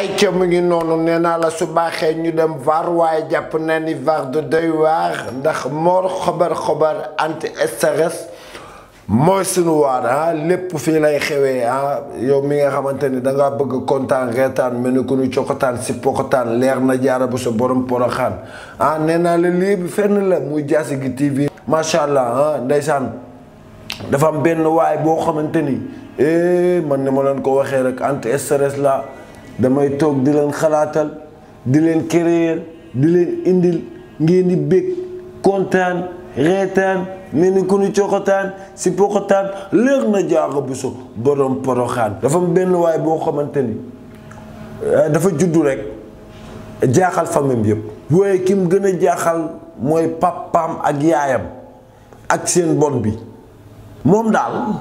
ay ca mu ngi noonu nee la su baaxee ñu dem var waaye jàpp na ni var du doy waar ndax moor xobar xobar anti stress mooy sunu waar ah lépp fii lay xewee ah yow mi nga xamante ni dangaa bëgg kontaan reetaan mel ni ku nu cokotaan si pokotaan leer na jaara bu sa borom poroxaan ah nee naa la lii bi fenn la muy Diassigui TV macha allah ah ndeysaan dafa am benn waay boo xamante ni eh, man ni ma leen ko waxee rek anti stress la damay toog di leen xalaatal di leen créer di leen indil ngeen di bég kontaan reetaan mel ni ku ñu coxataan si poxataan léeg na jaaxa bu so borom poroxaan dafa am benn waay boo xamante ni eh, dafa juddu rek jaaxal famille yépp waaye ki mu gën a jaaxal mooy papaam ak yaayam ak seen bon bi moom daal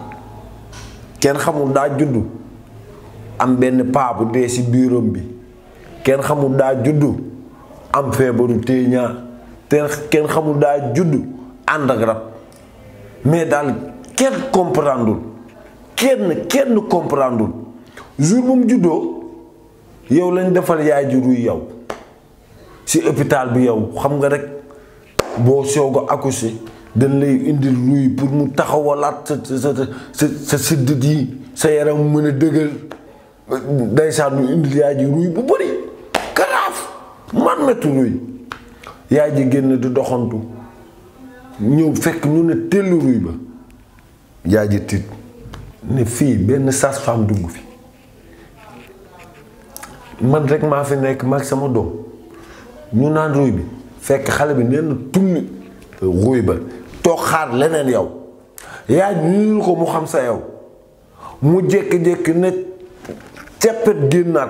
kenn xamul daa juddu am benn paabu dee si biiram bi kenn xamul daa juddu am feebaru téeñaa te kenn xamul daa judd ànd ak rab mais daal kenn comprendul kenn kenn comprendul jour bu mu juddoo yow lañ defal yaay ji ruy yow si hôpital bi yow xam nga rek boo soog a accouché dañ lay indi ruy pour mu taxawalaat sa sa sa sa siddit yi sa yaram mën a dëgër ndeysaan mu indi yaay ji ruy bu bëri karaaf man metti ruy yaay ji génn di doxantu ñëw fekk ñu ne tellu ruy ba yaay ji tiit ne fii benn sage-femme dugg fi man rek maa fi nekk mag sama doom ñu naan ruy bi fekk xale bi nee na tulli ruy ba toog xaar leneen yow yaay ji ko mu xam sa yow mu jékki-jékki ne ceppet génnaat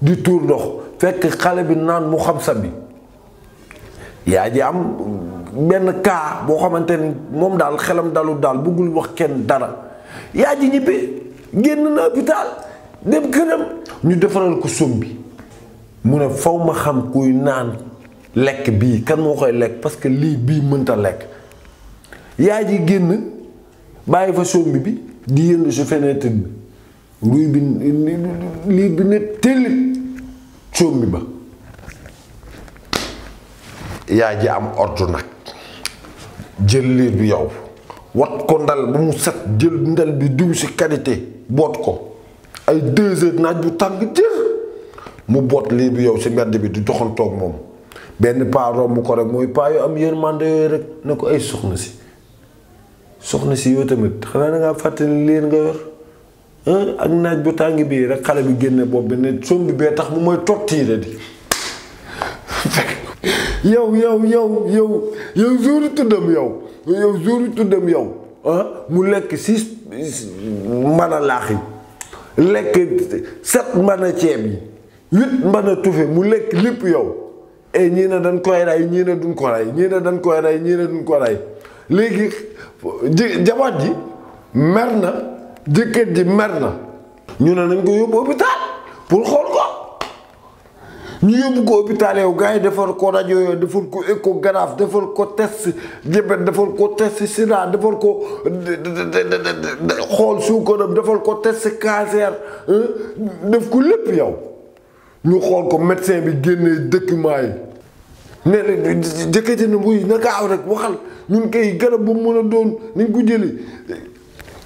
di tuur ndox fekk xale bi naan mu xam sa bi yaa ji am benn cas boo xamante ni moom daal xelam dalu daal bëggul wax kenn dara yaa ji ñibbi génn na hôpital dem këram ñu defaral ko som bi mu ne faw ma xam kuy naan lekk bii kan moo koy lekk parce que lii bii mënta lekk yaa ji génn bàyyi fa som bi bi di yënd su fenêtre bi luy bi lii bi ne tëllit ba yaa ji am ordre nag jël liir bi yow wat ko ndal bu mu set jël ndal bi diw ci qualité boot ko ay deux heures naaj bu tàgg jër mu boot liir bi yow ci mbedd bi di joxantoog moom benn paa romb ko rek mooy paa yu am yërmande yooyu rek ne ko ay soxna si soxna si yow tamit xanaa da fàttali liir nga yor ak naaj bu tàng bii rek xale bi génne bopp bi ne sombi bee tax mu mooy tottiire di yow yow yow yow yow jour tuddam yow yow jour tuddam yow mu lekk six mën laax yi lekk sept mën a ceeb yi huit mën tufe mu lekk lépp yow et eh, ñii na dañ koy rey ñii ne duñ ko rey ñii ne dañ koy rey ñii ne duñ ko rey léegi ji jabaat ji mer na jëkkër ji mer na ñu ne nañ ko yóbbu hôpital pour xool ko ñu yóbbu ko hôpital yow gars defal ko rajo yooyu defal ko échographie defal ko test diabète defal ko test sida defal ko xool suukaram defal ko test cancer def ko lépp yow ñu xool ko médecin bi génnee document yi nee na jëkkër ji ne buy na gaaw rek waxal ñun kay garab bu mën a doon nañ ko jëli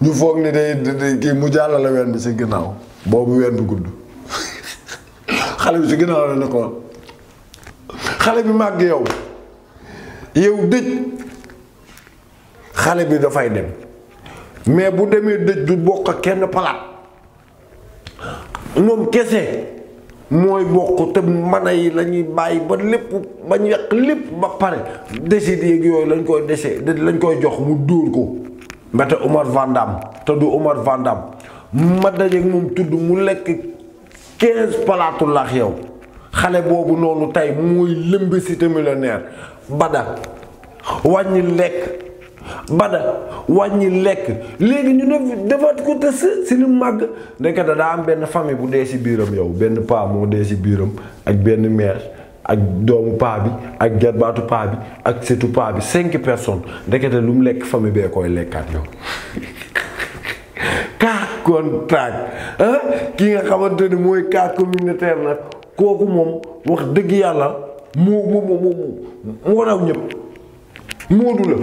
ñu foog ni day kii mu jàllale ween bi si ginnaaw boobu ween bi gudd xale bi si ginnaaw la nekkoon xale bi màgg yow yow dëj xale bi dafay dem mais bu demee dëj du bokk kenn palaat moom kese mooy bokk te mana yi lañuy ñuy bàyyi ba lépp bañ yàq lépp ba pare desit yéeg yooyu lañ koy dese lañ koy jox mu dóor ko mbete Omar Vandam te du Omar Vandam ma dajeeg moom tudd mu lekk quinze palaatu laax yow xale boobu noonu tey mooy lëmbi cité millionnaire bada wàññi lekk bada wàññi lekk léegi ñu def defaat ko te si lu màgg ndekete daa am benn famille bu dee si biiram yow benn paa moo dee si biiram ak benn mère ak doomu paa bi ak gerbaatu paa bi ak setu paa bi cinq personnes ndekete lu mu lekk famille bee koy lekkaat yow ki nga xamante mooy kaa communautaire nag kooku moom wax dëgg yàlla moo moo moo moo raw ñëpp moodu la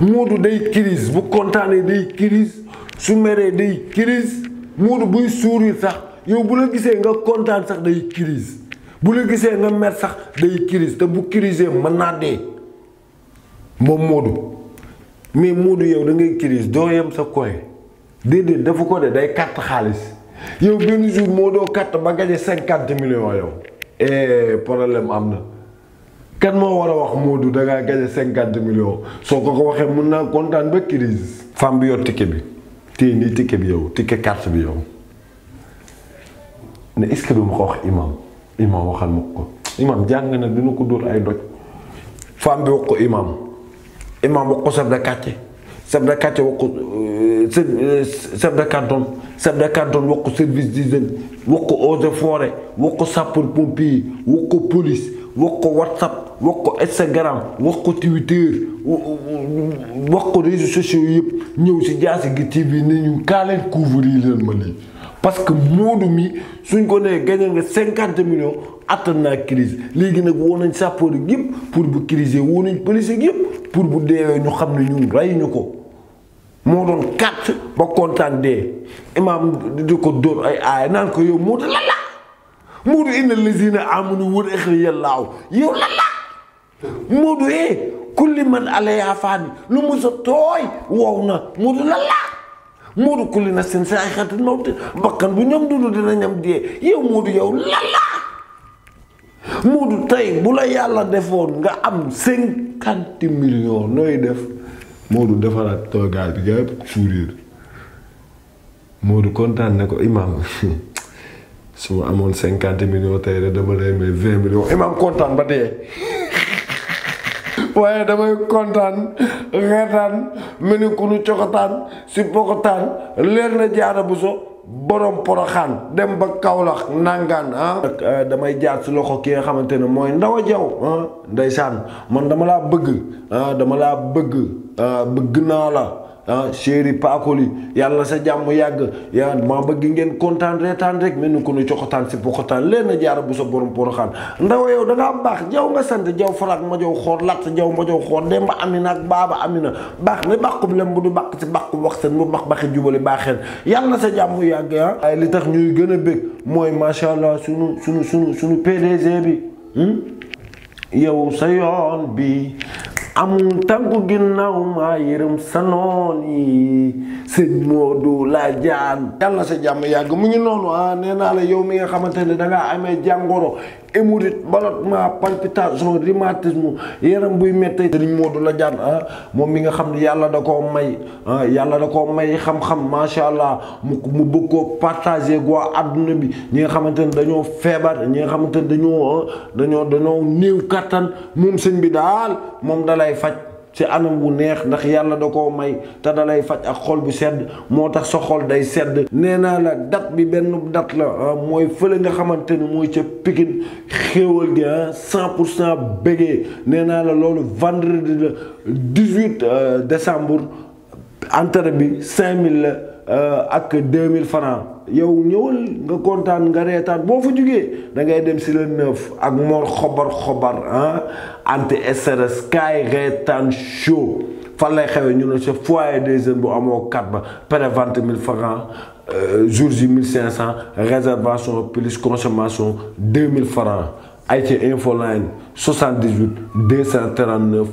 moodu day crise bu kontaanee day crise su meree day crise moodu buy sourire sax yow bu la gisee nga kontaan sax day crise bu la gisee nga mer sax day crise te bu crisee mën naa dee moom Moodu mais Moodu yow da ngay crise doo yem sa koy déedéet dafa ko de day carte xaalis yow benn jour moo doo carte ba gañe cinquante millions yow eh problème am na kenn moo war a wax Moodu da ngaa gañe cinquante millions soo ko ko waxee mun naa kontaan ba crise femme bi yor ticket bi téye nii ticket bi yow ticket carte bi yow ne est-ce ko wax imam imam waxal ma ko imam jàng na dina ko dóor ay doj femme bi wax ko imam imam wax ko chef de quartier chef wax ko euh, euh, chef de canton chef wax ko service d'hygiène wax ko eaux et wax ko sapeur pompier wax ko police wax ko whatsapp wax ko instagram wax ko twitter wax ko réseaux sociaux yëpp ñëw si jaasi gi TV ne ñu kaa leen couvrir leen ma lii parce que Modou mi suñ ko nee gagné nga cinquante millions attan naa crise léegi nag woo nañ sapeur yëpp pour bu crise woo nañ police yëpp pour bu deewee ñu xam ne ñun rey ñu ko moo doon kàtt ba kontaan dee imaam di ko dóor ay aaya naan ko yow Modou lan la Modou inna lazina amanu war a xëy yàllaaw yow lan la Modou eh kulli man alayha faan lu mu sa tooy wow na Modou lan la Moodu kulli na seen saa xeetu mawti bakkan bu ñoom dund dina ñam dee yow Moodu yow lala Moodu tey bu la yàlla defoon nga am cinquante millions nooy def Moodu defaraat toogaay bi nga yëpp sourire Moodu kontaan na ko imaam su ma amoon cinquante millions tey dama lay may vingt millions imaam kontaan ba dee. waaye damay kontaan reetaan mel ni ku nu coxataan si pokotaan leer na jaara bu so borom poroxaan dem ba Kaolack nangaan ah. eh, damay jaar si loxo ki nga xamante ne mooy ndaw a jaw ah ndeysaan man dama laa bëgg ah dama laa bëgg ah, bëgg naa la. ah chéri paakoli yàlla sa jàmm yàgg yaa maa bëgg ngeen kontaan reetaan rek mel ni ko nu coxotaan si poxotaan leen na jaara bu sa borom poroxaan ndaw yow da am baax jaw nga sant jaw faraak ma jow xoor latt jaw ma jow xoor demba amina ak baaba amina baax na bàqub lem bu du bàq si bàqu wax sa bu bax baxi jubale baaxeel yàlla na sa jàmm yàgg ah waaye li tax ñuy gën a bëgg mooy macha allah sunu sunu su sunu PDG bi hmm? yow sa yoon bi amul tànku ginnaaw maa yërëm sa noon yi sëñ Modou la jaan yàlla na sa jàmm yàgg mu ngi noonu ah nee naa la yow mi nga xamante ne dangaa amee jàngoro hémorroïde ballonnement palpitation rhumatisme yaram buy méttee sëriñ Modou la jaan ah moom mi nga xam ne yàlla da koo may ah, yàlla da koo may xam-xam macha allah mu mu bëgg koo partagé waa bi ñi nga xamante ne dañoo feebar ñi nga xamante ne dañoo ah, dañoo dañoo néew kattan moom sëñ bi daal moom dalay faj ci anam wu neex ndax yàlla da koo may te da faj ak xol bu sedd moo tax sa xol day sedd nee naa la dat bi benn dat la ah, mooy fële nga xamante ni mooy ca Pikine xéewal gi ah cent pour cent bégee nee naa la loolu vendredi la dix-huit euh, décembre entre bi cinq mille la euh, ak deux mille francs yow ñëwal nga kontaan nga reetaan boo fa jugee da ngay dem si la neuf ak Mor xobar xobar ah anti SRS kaay reetaan show fan lay xewee ñu ne sa foyer des jeunes bu amoo kat ba prévente mille francs euh, jours yi mille cinq cent réservation plus consommation deux mille francs ay ci infoline 78 239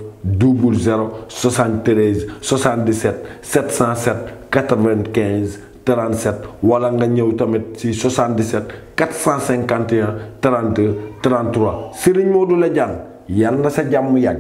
00 73 77 707 95 37 wala nga ñëw tamit ci 77 451 32 33 Serigne Modou Ladiane yal na sa jàmm yàgg.